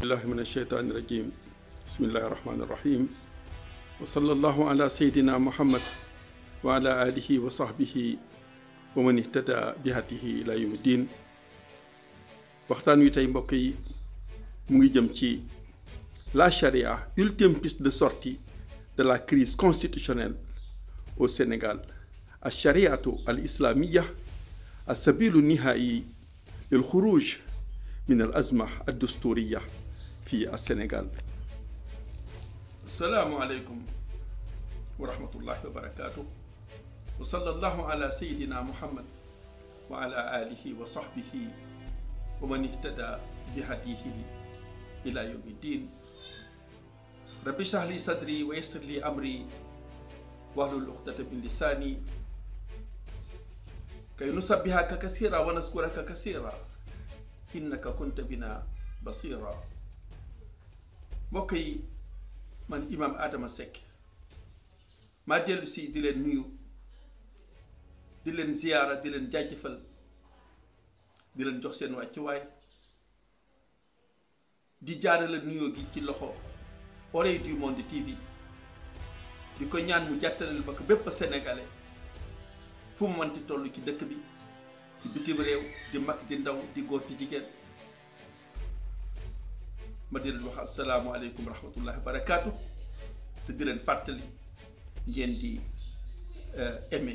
الله من الشيطان الرجيم بسم الله الرحمن الرحيم وصلى الله على سيدنا محمد وعلى آله وصحبه ومن اهتدى بهذه إلى يوم الدين وقتان wi tey mbokk yi لا شريعة jëm ci la charia ultime piste de sortie de la crise constitutionnelle au Sénégal الشريعة الإسلامية السبيل النهائي للخروج من الأزمة الدستورية في السنغال السلام عليكم ورحمة الله وبركاته وصلى الله على سيدنا محمد وعلى آله وصحبه ومن اهتدى بهديه إلى يوم الدين رب اشرح لي صدري ويسر لي أمري واحلل عقدة من لساني كي نسبحك كثيرا ونذكرك كثيرا إنك كنت بنا بصيرا mbokk yi man imam Adama Seck maa dellu di leen nuyu di leen ziyaara di leen jaajëfal di leen jox seen wàccuwaay di jaarale nuyoo gi ci loxo Oreilles du Monde TV di ko ñaan mu jàttaleel ba ko bépp sénégalais fu mu mënti toll ci dëkk bi ci bitim réew di mag di ndaw di góor ci jigéen ma di leen wax asalaamualeykum wa rahmatullahi wa barakaatu te di leen fàttali ngeen di eh, aimé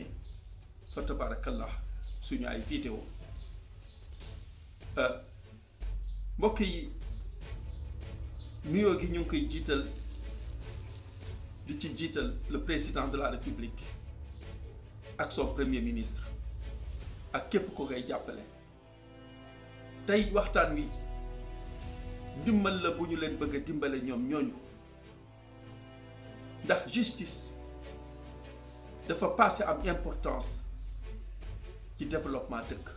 fa tabarakallah suñu ay vidéo eh, mbokk yi nuyoo gi ñu ngi koy jiital di ci jiital le président de la république ak son premier ministre ak képp ko koy jàppale tey waxtaan wi dimbal la buñu leen bëgg dimbale ñom ñoñu ndax justice dafa passé am importance ci développement dëkk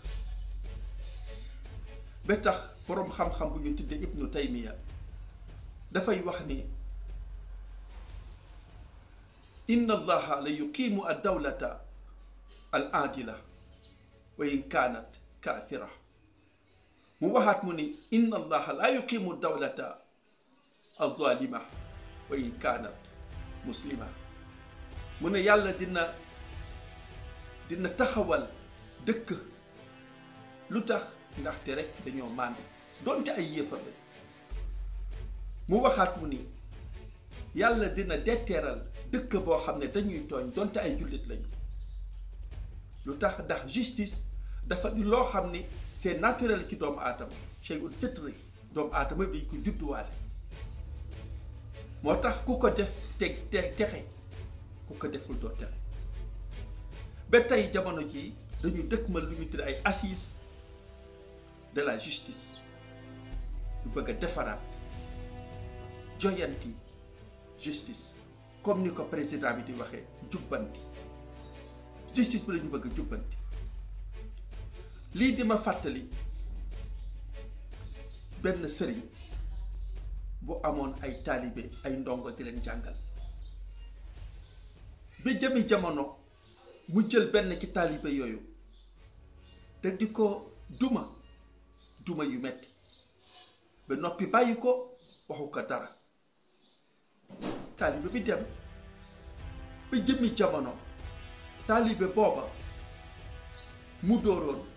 ba tax borom xam-xam bu ñu tuddee Ibnu Taymiya dafay wax ni inna allaha la yuqimu ad dawlata al adila wa in kanat kafirah موهات مني إن الله لا يقيم الدولة الظالمة وإن كانت مسلمة من يالا دينا دينا تخوال دك لتخ نحترك دنيو ماندي دون تأي يفر موهات مني يالا دينا ديترال دك بو خمنا دنيا توان دون تأي يولد لن لتخ دخ جيستيس دفا دي لو خمني c'est naturel ci atam aadama shay'un fitri dom atam bi ko judduwaale moo motax ku ko def te te texe ku ko deful doo texe ba tey jamono jii dañu dëkkmal luñu ñu ay assises de la justice ñu bëgg a joyanti justice comme ni ko président bi di waxee djubanti justice bi la ñu bëgg a lii di ma fàttali benn sëriñ bu amoon ay taalibe ay ndongo di leen jàngal ba jëmi jamono mu jël benn ci taalibe yooyu te di ko duma duma yu metti ba noppi bàyyi ko waxu ko dara taalibe bi dem ba jëmi jamono taalibe booba mu dooroon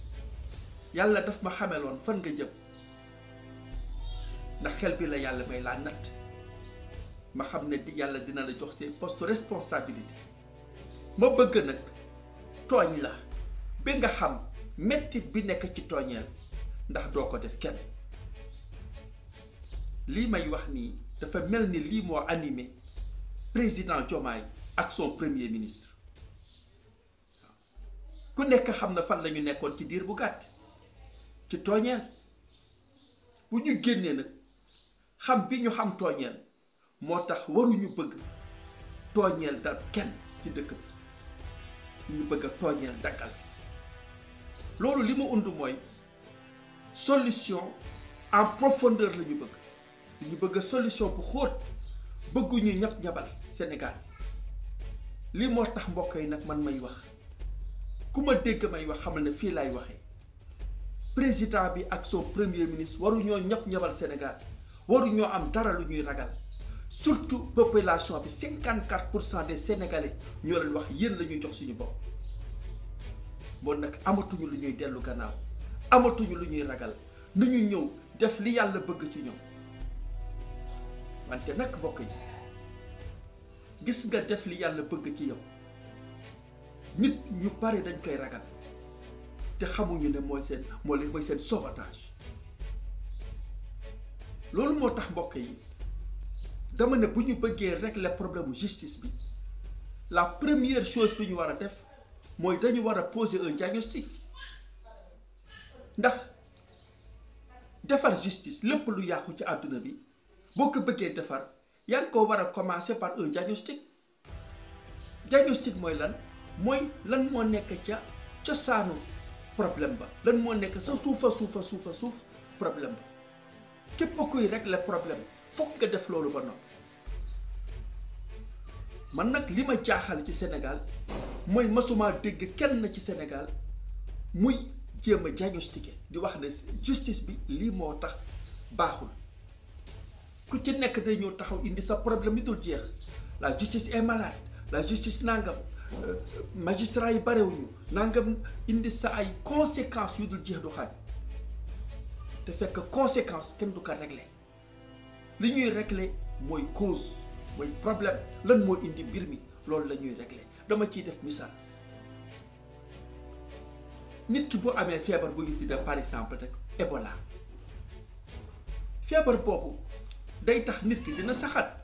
Yalla, daf ma xameloon fan nga jëm ndax xel bi la maham may yalla natt ma xam di yàlla dina la jox seen poste responsabilité ma bëgg nag tooñ la bi nga xam mettit bi nekk ci tooñeel ndax doo ko def kenn may wax dafa ni lii anime, animé président Diomaye ak son premier ministre ku nekk xam na fan la ñu ci bu ci tooñeel bu ñu génnee nag xam bi ñu xam tooñeel moo tax waruñu bëgg tooñeel dal kenn ci dëkk bi ñu bëgg a tooñeel daggal loolu li mu und mooy solution en profondeur la bëgg ñu bëgg solution bu xóot bëgguñu ñab ñabal Sénégal lii moo tax mbokk yi nag man may wax ku ma dégg may wax xamal ne fii laay waxee président bi ak son premier ministre waruñoo ñëpp ñëbal Sénégal waruñoo am dara lu ñuy ragal surtout population bi 54 pour cent des sénégalais ñoo leen wax yéen la ñuy jox suñu bopp. bon nag amatuñu lu ñuy dellu gannaaw amatuñu lu ñuy ragal nu ñu ñëw def li yàlla bëgg ci ñoom wante nag mbokk yi gis nga def li yàlla bëgg ci yow nit ñu bare dañ koy ragal. te xamuñu ne mooy seen moo leen mooy seen sauvetage loolu moo tax mbokk yi dama ne bu ñu bëggee régler problème justice bi la première chose bi ñu war a def mooy dañu war a poser un diagnostic ndax defar justice lépp lu yàqu ci àdduna bi boo ko bëggee defar yaa ngi ko war a commencer par un diagnostic diagnostic mooy lan mooy lan moo nekk ca cosaanu problème ba lan moo nekk sa suufa suuf a suuf problème ba képp kuy régler problème foog nga def loolu ba noppi man nag li ma jaaxal ci senegal mooy masumaa dégg kenn ci senegal muy jéem a diagnostiquer di wax ne justice bi lii moo tax baaxul ku ci nekk day ñëw taxaw indi sa problème yi dul jeex la justice est malade la justice nangam magistrat yi barewuñu nangam indi sa ay conséquences yu dul jeex du xaaj te fekk conséquence kenn du ko régler li ñuy régler mooy cause mooy problème lan moo indi mbir mi loolu la ñuy régler dama ciy def misaal nit ki boo amee feebar bu ñu tuddee par exemple rek Ebola feebar boobu day tax nit ki dina saxaat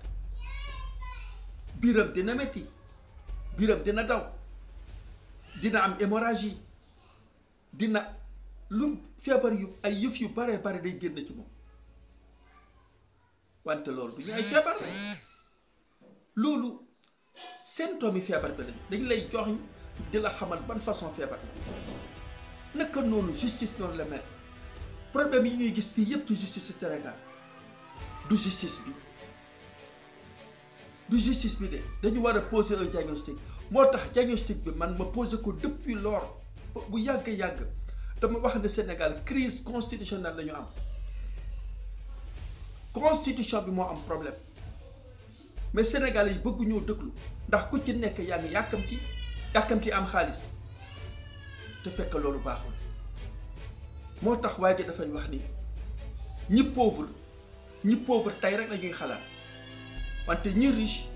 biram dina metti biram dina daw dina am hémorragie dina lu feebar yu ay yëf yu bare bare day génn ci moom wante loolu du ñu ay feebar loolu symptômes yi feebar bi lañ dañ lay jox di la xamal ban façon feebar la naka noonu justice noonu la mel problème yi ñuy gis fii yëpp du justice Sénégal du justice bi du justice bi de dañu war a poser un diagnostic moo tax diagnostic bi man ma poser ko depuis lors bu yàgg yàgg dama wax ne Sénégal crise constitutionnelle la am constitution bi moo am problème mais Sénégal yi bëgg ñoo dëglu ndax ku ci nekk yaa ngi yàkkamti yàkkamti am xaalis te fekk loolu baaxul moo tax waaye ji dafay wax ni ñi pauvre ñi pauvre tey rek la ñuy xalaat wante ñi riche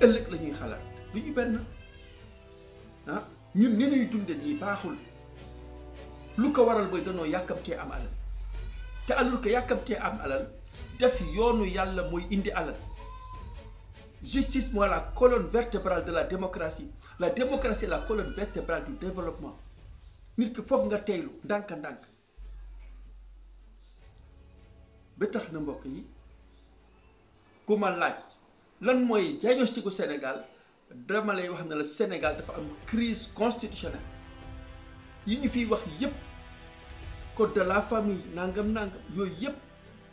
ëllëg la ñuy xalaat lu ñu benn ah ñun ni ñuy dunde nii baaxul lu ko waral mooy danoo yàkkamtee am alal te alors que yàkkamtee am alal def yoonu yàlla mooy indi alal justice mooy la colonne vertébrale de la démocratie la démocratie la colonne vertébrale du développement nit ki foog nga teylu ndànk-ndànk ba tax na mbokk yi ku ma lan mooy diagnostiku Sénégal dama wax ne la Sénégal dafa am crise constitutionnelle yi ñu fiy wax yëpp code la famille nangam nangam yooyu yëpp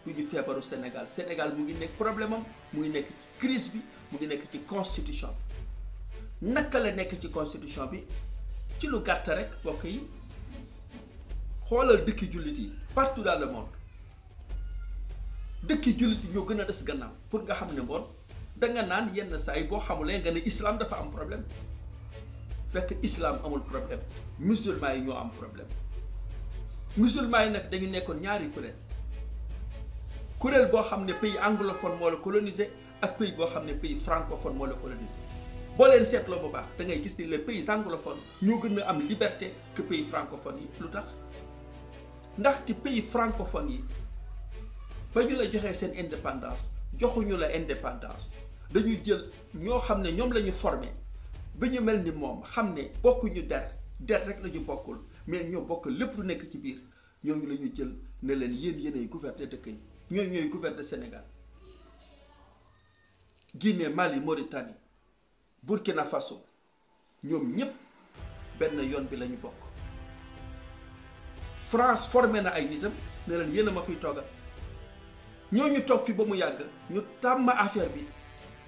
du ngi feebaru Sénégal Sénégal mu ngi nekk problème am mu ngi nekk ci crise bi mu ngi nekk ci constitution bi naka la nekk ci constitution bi ci lu gàtt rek mbokk yi xoolal dëkki jullit yi partout dans le monde dëkki jullit yi ñoo gën a des gannaaw pour nga xam ne mboon danga naan yenn saa yi boo xamulee nga ne islam dafa am problème fekk islam amul problème musulman yi ñoo am problème musulman yi nag dañu nekkoon ñaari kuréel kuréel boo xam ne pays anglophone moo la colonisé ak pays boo xam ne pays francophone moo la colonisé boo leen seetloo bu baax da ngay gis ni les pays anglophones ñoo gën a am liberté que pays francophone yi lu tax ndaxte pays francophone yi ba ñu la joxee seen indépendance joxuñu la indépendance dañuy jël ñoo xam ne ñoom la ñu formé ba ñu mel ni moom xam ne bokkuñu der der rek la bokkul mais ñoo bokk lépp lu nekk ci biir ñooñu la ñuy jël ne leen yéen yéenay gouverner dëkk yi ñooy ñooy gouverner Sénégal Guinée Mali Mauritanie Burkina Faso ñoom ñëpp benn yoon bi lañu bokk France formé na ay nitam ne leen yéen a ma fiy toogal ñooñu toog fi ba mu yàgg ñu tàmm affaire bi.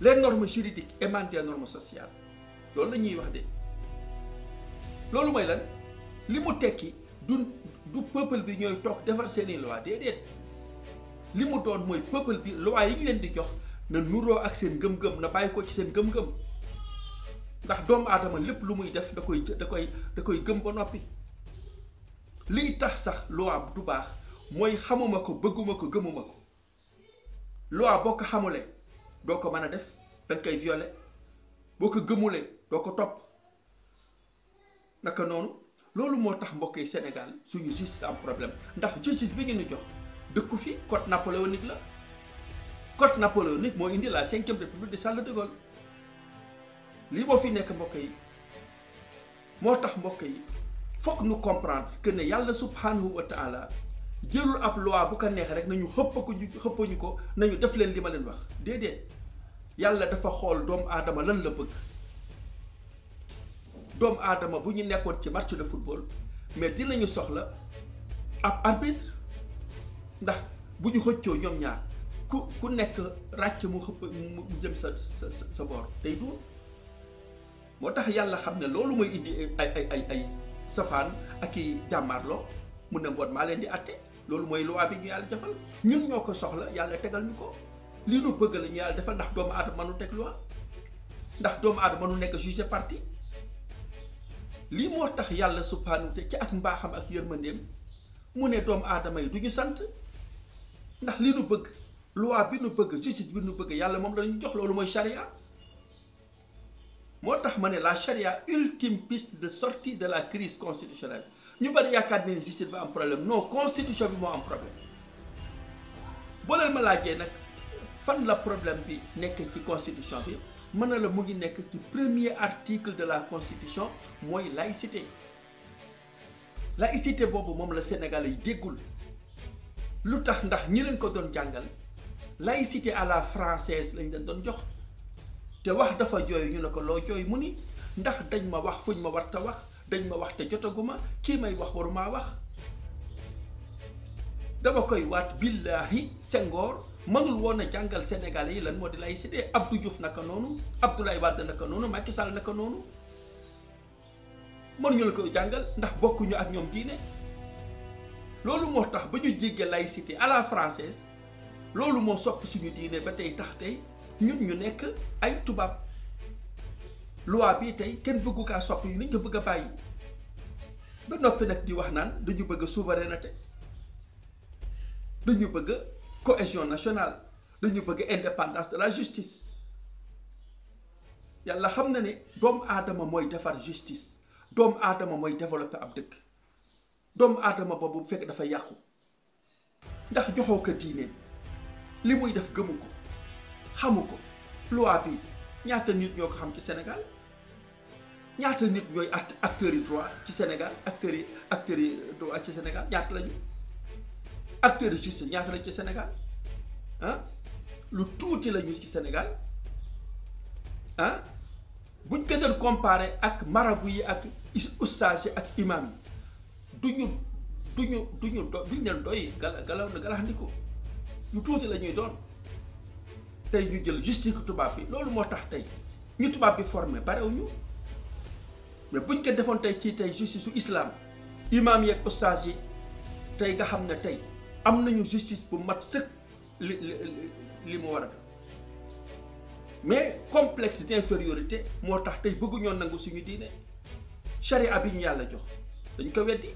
les normes juridiques émanent des normes sociales loolu la ñuy wax de loolu mooy lan li mu tekki du du peuple bi ñooy toog defar seeni loi déedéet li mu doon mooy peuple bi loi yi ñu leen di jox na nuroo ak seen ngëm-ngëm na bàyyi ko ci seen ngëm-ngëm ndax doomu aadama lépp lu muy def da koy da koy da koy gëm ba noppi liy tax sax loi du baax mooy xamuma ko bëgguma ko gëmuma ko loi boo ko xamule doko mana def danga koy violer boko ko doko top ko topp naka noonu loolu moo tax Sénégal suñu justice am problème ndax justice bi ngeen di jox dëkku fi code napoléonique la code napoléonique mo indi la 5e république de Charles de Gaulle li bo fi nek mbokk motax moo fokk nu comprendre que ne yalla subhanahu wa taala jërul ab loi bu ko neexee rek nañu xëpp ko xëppañu ko nañu def leen li ma leen wax déedéet yàlla dafa xool doomu aadama lan la bëgg doomu aadama bu ñu nekkoon ci match de football mais dinañu soxla ab arbitre ndax bu ñu xëccoo ñoom ñaar ku ku nekk ràcc mu xëpp mu jëm sa sa sa boor day dóor moo tax yàlla xam ne loolu mooy indi ay ay ay ay safaan ak i jàmmaarloo mu ne ngoon maa leen di atte loolu mooy loi bi ñu yàlla defal ñun ñoo soxla yàlla tegal ñu ko li nu bëgg la ñu yàlla defal ndax doomu aadama mënu teg loi ndax doomu aadama mënu parti lii moo tax yàlla subhanahu te ci ak mbaaxam ak yërmandeem mu ne doomu aadama yi du ñu ndax li nu bëgg loi bi peg, bëgg justice bi nu bëgg yàlla moom la ñu jox loolu mooy charia moo la ultime piste de sortie de la crise constitutionnelle ñu bari yaakaar ne ni justice dafa am problème non constitution bi moo am problème boo leen ma laajee nag fan la problème bi nekk ci constitution bi mën na la mu ngi nekk ci premier article de la constitution mooy laïcité laïcité boobu moom la Sénégal yi déggul lu tax ndax ñi leen ko doon jàngal laïcité à la française lañ leen doon jox te wax dafa jooy ñu ne ko loo jooy mu ni ndax dañ ma wax fuñ ma war wax dañ ma wax te jotaguma ki may wax waruma wax dama koy bilahi billahi sengor manul wona jangal sénégalais yi lan modi laïcité abdou diouf naka nonu abdoulaye wad naka nonu macky sall naka nonu man ñu la koy jangal ndax bokku ñu ak ñom diiné lolu motax bañu jégué laïcité à la française lolu mo sopp suñu diiné batay tax tay ñun ñu ay tubab loi bii tey kenn bëggu kaa soppi nañ ko bëgg a bàyyi ba noppi nag di wax naan dañu bëgg a souveraineté dañu bëgg cohésion nationale dañu bëgg indépendance de la justice yàlla xam na ne doomu aadama mooy defar justice doomu aadama mooy développer ab dëkk doomu aadama boobu bu fekk dafa yàqu ndax joxoo ko diine li muy def gëmu ko xamu ko loi bi ñaata nit ñoo xam ci Sénégal ñaata nit ñooy acteurs yi droit ci Sénégal acteurs yi acteurs yi droit ci Sénégal ñaata lañu acteurs yi justice ñaata lañu ci Sénégal ah lu tuuti lañu ci Sénégal ah buñ ko doon comparé ak marabu yi ak ustaas yi ak imam yi duñu duñu duñu duñ leen doy gala gala galaxndiko lu tuuti la ñuy doon tey ñu jël justice tubaab bi loolu moo tax tey ñu tubaab bi formé barewuñu mais buñ ko defoon tey ci tey justice su islam imaam yeeg ustaas yi tey nga xam ne tey am nañu justice bu mat sëkk li li mu war mais complexe d'infériorité moo tax tey bëgguñoo nangu suñu diine charia bi ñu yàlla jox dañ ko weddi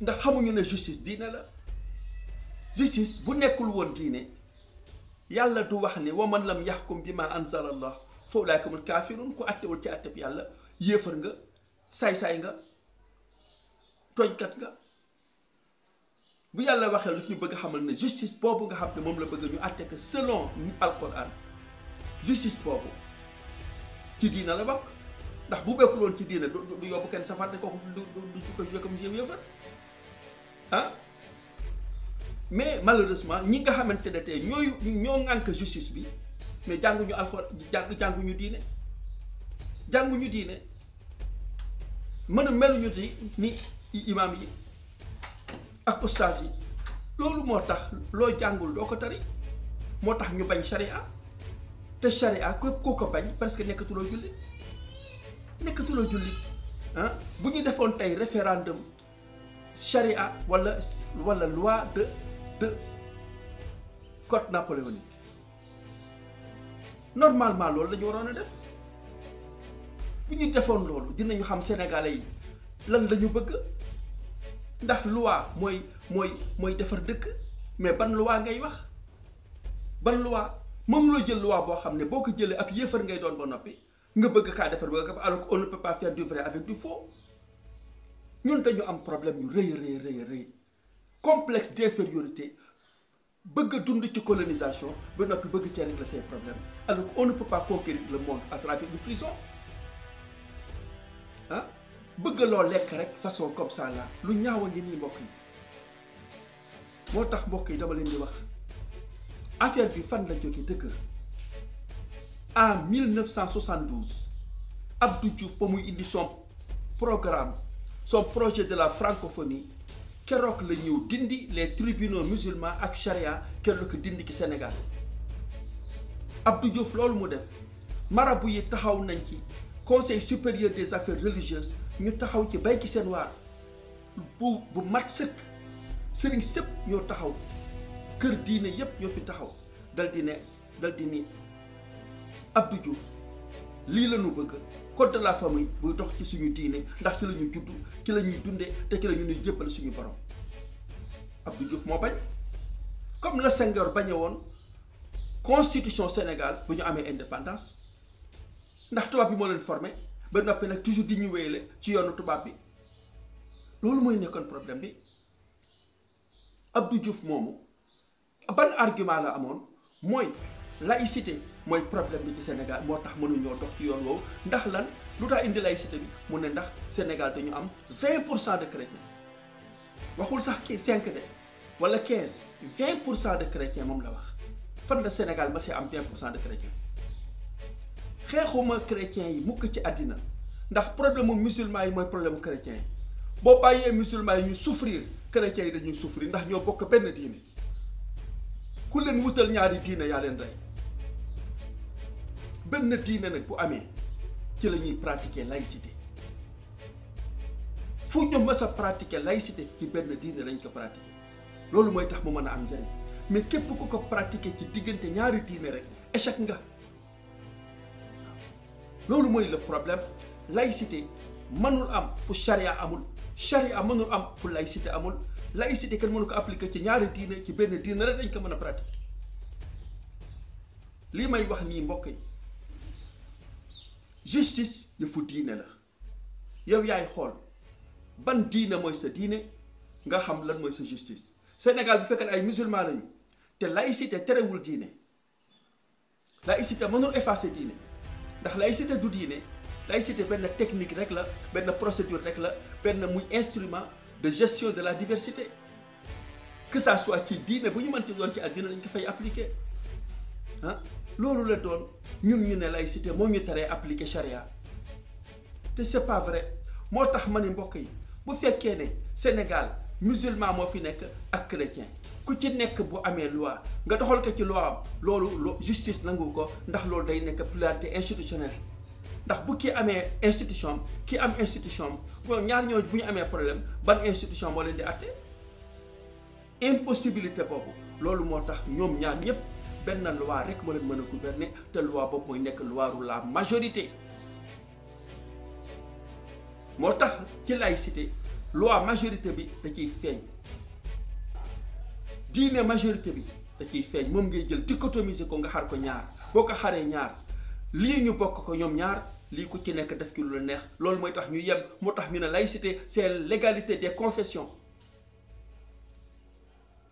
ndax xamuñu ne justice diine la justice bu nekkul woon diine yàlla du wax ne waman lam yaxkum bi ma anzala fa kafirun kaafiruun ku attewul ci atteb yàlla yéefar nga saay-saay nga tooñkat nga bu yàlla waxee daf ñu bëgg xamal ne justice boobu nga xam ne moom la bëgg ñu atte que selon alquran justice boobu ci diina la bokk ndax bu bekkul woon ci diina du yóbbu kenn safar ne kooku du du du ko joué comme jéem yëfar ah mais malheureusement ñi nga xamante ne tey ñooy ñoo ŋànk justice bi mais jànguñu alxuraan jàng jànguñu diine jànguñu diine mën di ni imam yi ak ustaas yi loolu moo lo loo jàngul doo ko tari moo tax ñu bañ sharia te sharia képp koo ko bañ parce que nekkatuloo jullit ah bu ñu defoon tey référendum sharia wala wala loi de de code napoléonique normalement loolu la ñu waroon a def bu ñu defoon loolu dinañu xam sénégalais yi lan la ñu bëgg ndax loi mooy mooy mooy defar dëkk mais ban loi ngay wax ban loi moom loo jël loi boo xam ne boo ko jëlee ab yéefar ngay doon ba noppi nga bëgg kaa defar ba alors qu'on ne peut pas faire du vrai avec du faux ñun dañu am problème yu rëy rëy rëy rëy complexe d'infériorité veut a dund colonisation ba noppi régler ses problèmes alors on ne peut pas conquérir le monde à travers une prison ah hein? veut loo lekk façon comme ça là lu ñaaw a ngi nii mbokk yi moo tax mbokk yi dama leen di wax affaire bi fan la jógee en 1972 Abdou Diouf ba il indi son programme son projet de la francophonie keroog la ñëw dindi les tribunaux musulmans ak charia kenn ko dindi ci Sénégal Abdou Diouf loolu mu def marabu yi taxaw nañ ci conseil supérieur des affaires religieuses ñu taxaw ci bay ci seen waar bu bu mat sëkk sëriñ sëpp ñoo taxaw kër diiné yépp ñoo taxaw dal dal Abdou Diouf li la bëgg code la famille buy dox ci suñu diine ndax ci lañu tuddu ci lañuy dundé té ci la ñu ñuy jébbal suñu borom Abdou Diouf mo bañ comme le sénégal bañe woon constitution Sénégal bu ñu amee indépendance ndax tuba bi mo leen formé ba noppé nak toujours di ñu wéyale ci yoonu tuba bi loolu moy nekkoon problème bi Abdou Diouf momu ban argument la amoon moy laïcité. mooy problème bi ci Sénégal moo tax mënuñoo dox ci yoon woowu ndax lan lu tax indi laïcité bi mu ne ndax Sénégal dañu am 20 pour cent de chrétiens waxul sax kii 5 de wala 15 20 pour cent de chrétiens moom la wax fan la Sénégal ma si am 20 pour cent de chrétiens xeexuma chrétiens yi mukk ci àddina ndax problème mu musulman yi mooy problème mu chrétien boo bàyyee musulman yi ñu souffrir chrétiens yi dañuy souffrir ndax ñoo bokk benn diine ku leen wutal ñaari diine yaa benn diine nag bu amee ci la ñuy pratiquer laïcité fu ñu mës a pratiquer laïcité ci benn diine lañ ko pratiquer loolu mooy tax mu mën a am njëriñ mais képp ku ko pratiquer ci diggante ñaari diine rek échec nga loolu mooy le problème laïcité mënul am fu charia amul charia mënul am fu laïcité amul laïcité kën mënu ko appliquer ci ñaari diine ci benn diine rek dañ ko mën a pratiquer lii may wax nii mbokk yi. justice yëfu diine la yow yaay xool ban diine mooy sa diine nga xam lan mooy sa justice Sénégal bu fekkee ay musulman lañu te laïcité terewul diine laïcité mënul effacer diine ndax laïcité du diine laïcité benn technique rek la benn procédure rek la benn muy instrument de gestion de la diversité que ça soit ci diine bu ñu mënti doon ci àddina lañ ko fay appliquer. Hein? lolu la doon ñun ñu ne laïcité moo ñu teree appliquer charia te c'est pas vrai moo tax ma ni mbokk yi bu fekkee ne Sénégal musulman moo fi nekk ak chrétien ku ci nekk bu amee loi nga doxal ko ci loi am loolu justice nangu ko ndax loolu day nekk pluralité institutionnelle ndax bu kii amee institution ki am institution am ñaar ñoo bu ñu amee problème ban institution moo leen di atte impossibilité boobu loolu moo tax ñoom ñaar ñëpp la loi rek mo leen mën gouverner te loi bop moy nek loi ru la majorité motax ci laïcité loi majorité bi da ciy feeñ diine majorité bi da ciy feeñ mom ngay jël dichotomiser ko nga xar ko ñaar boko xaré ñaar li ñu bokk ko ñom ñaar li ku ci nek def ci lu neex lool moy tax ñu yeb motax ñu ne laïcité c'est l'égalité des confessions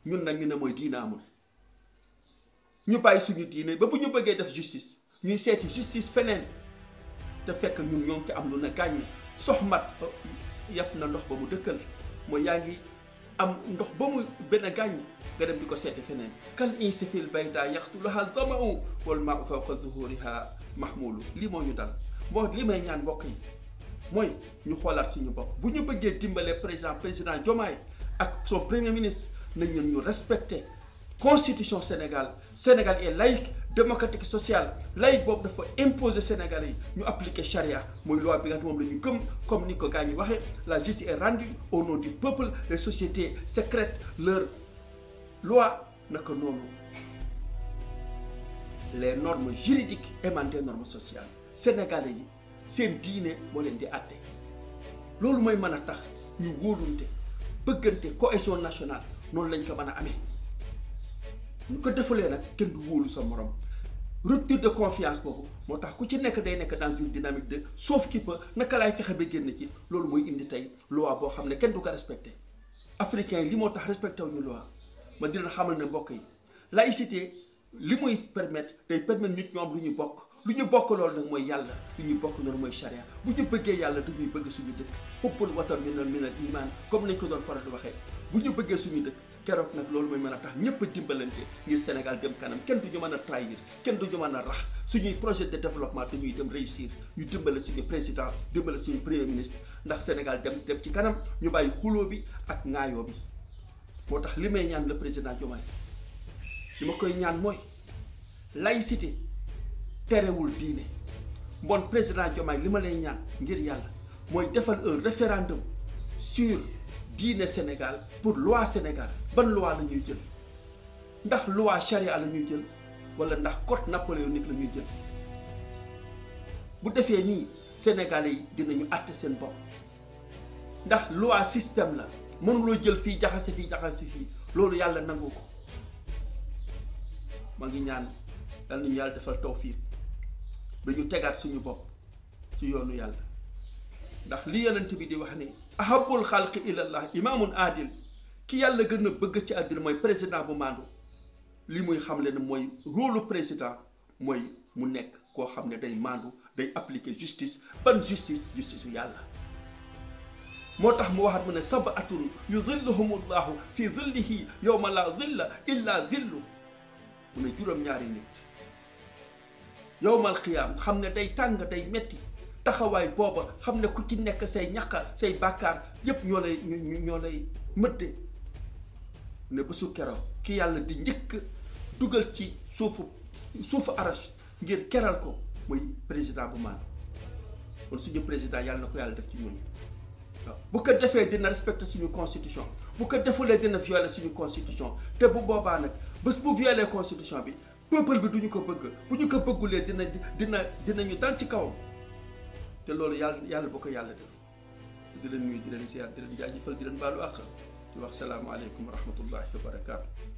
ñun nak ñu ne mooy diine amul ñu bàyyi suñu diine ba bu ñu bëggee def justice ñuy seeti justice feneen te fekk ñun ñoo ngi ci am lu na gàññi soxmat yàpp na ndox ba mu dëkkal mooy yaa ngi am ndox ba mu benn gàññi nga dem di ko seeti feneen kal insi fil bayda yaxtulaha damau wal maau fawqa zuhuriha mahmulu lii moo ñu dal moo li may ñaan mbokk yi mooy ñu xoolaat suñu bopp bu ñu bëggee dimbale président président jomaay ak soo premier ministre nañ ñun ñu respecté constitution Sénégal Sénégal est laïque démocratique sociale laïque il faut imposer Sénégalais Nous ñu appliquer charia loi la ñu comme nico gagne, la justice est rendue au nom du peuple les sociétés secrètes leur loi naka les normes juridiques et des normes sociales Sénégalais c'est un diine qui leen di àtte nous mooy mën Nous tax ñu cohésion nationale Nous lañ ko nous ñu ko defulee nag kenn du wóolu sa moroom rupture de confiance boobu moo tax ku ci nekk day nekk dans une dynamique de soof qui peut naka laay fexe ba génn ci loolu mooy indi tey loi boo xam ne kenn du ko respecté africain yi li moo tax respecté wuñu loi ma di leen xamal ne mbokk yi laïcité li muy permettre day permettre nit ñu lu ñuy bokk. lu ñu bokk loolu nag mooy yàlla lu ñu bokk loolu mooy charia bu ñu bëggee yàlla du ñuy bëgg suñu dëkk xubbul watan mi noon mi nal iman comme nañ ko doon faral di waxee bu ñu bëggee suñu dëkk keroog nag loolu mooy mën a tax ñëpp a dimbalante ngir Sénégal dem kanam kenn du ñu mën a trahir kenn du ñu mën a rax suñuy projet de développement dañuy dem réussir ñu dimbale suñu président dimbale suñu premier ministre ndax Sénégal dem dem ci kanam ñu bàyyi xuloo bi ak ŋaayoo bi moo tax li may ñaan le président Diomaye li ma koy ñaan mooy laïcité terewul diiné bon président Diomaye li lay ñaan ngir yalla moy defal un référendum sur diiné Sénégal pour loi Sénégal ban loi la ñuy jël ndax loi charia la ñuy jël wala ndax code napoléonique la ñuy jël bu défé ni Sénégalais yi dinañu atté sen bop ndax loi système la lo jël fi jaxase fi jaxase fi lolu yalla nangu ko ma ngi ñaan yal ñu yalla defal tawfiq dañu tegaat suñu bopp ci yoonu yàlla ndax li yonent bi di wax ni ahabul xalqi ilallah imaamun adil ki yàlla gën a bëgg ci àddina mooy président bu mandu li muy xamle leen mooy rôle président mooy mu nekk koo xam ne day mandu day appliquer justice ban justice justice yàlla moo tax mu waxat mu ne sabatun yuzilluhumullahu fi zillihi yowma la zilla illa zillu mu ne juróom-ñaari nit yowmal xiyaam xam ne day tàng day metti taxawaay booba xam ne ku ci nekk say ñaqa say bàkkaar yépp ñoo lay ñoo lay mëdde ne bésu keroog ki yàlla di njëkk dugal ci suufu suufu arash ngir keral ko mooy président bu maan su suñu président yàlla na ko yàlla def ci ñun waaw bu ko defee dina respecter suñu constitution bu ko defulee dina violer suñu constitution te bu boobaa nag bés bu violer constitution bi peuple bi du ñu ko bëgg bu ñu ko bëggulee dina dina dinañu dal ci kaw te loolu yàlla yàlla boo ko yàlla def di leen nuyu di leen ziar di leen jaajëfal di leen baalu àq di wax salaamaaleykum wa rahmatullahi wa barakaatu.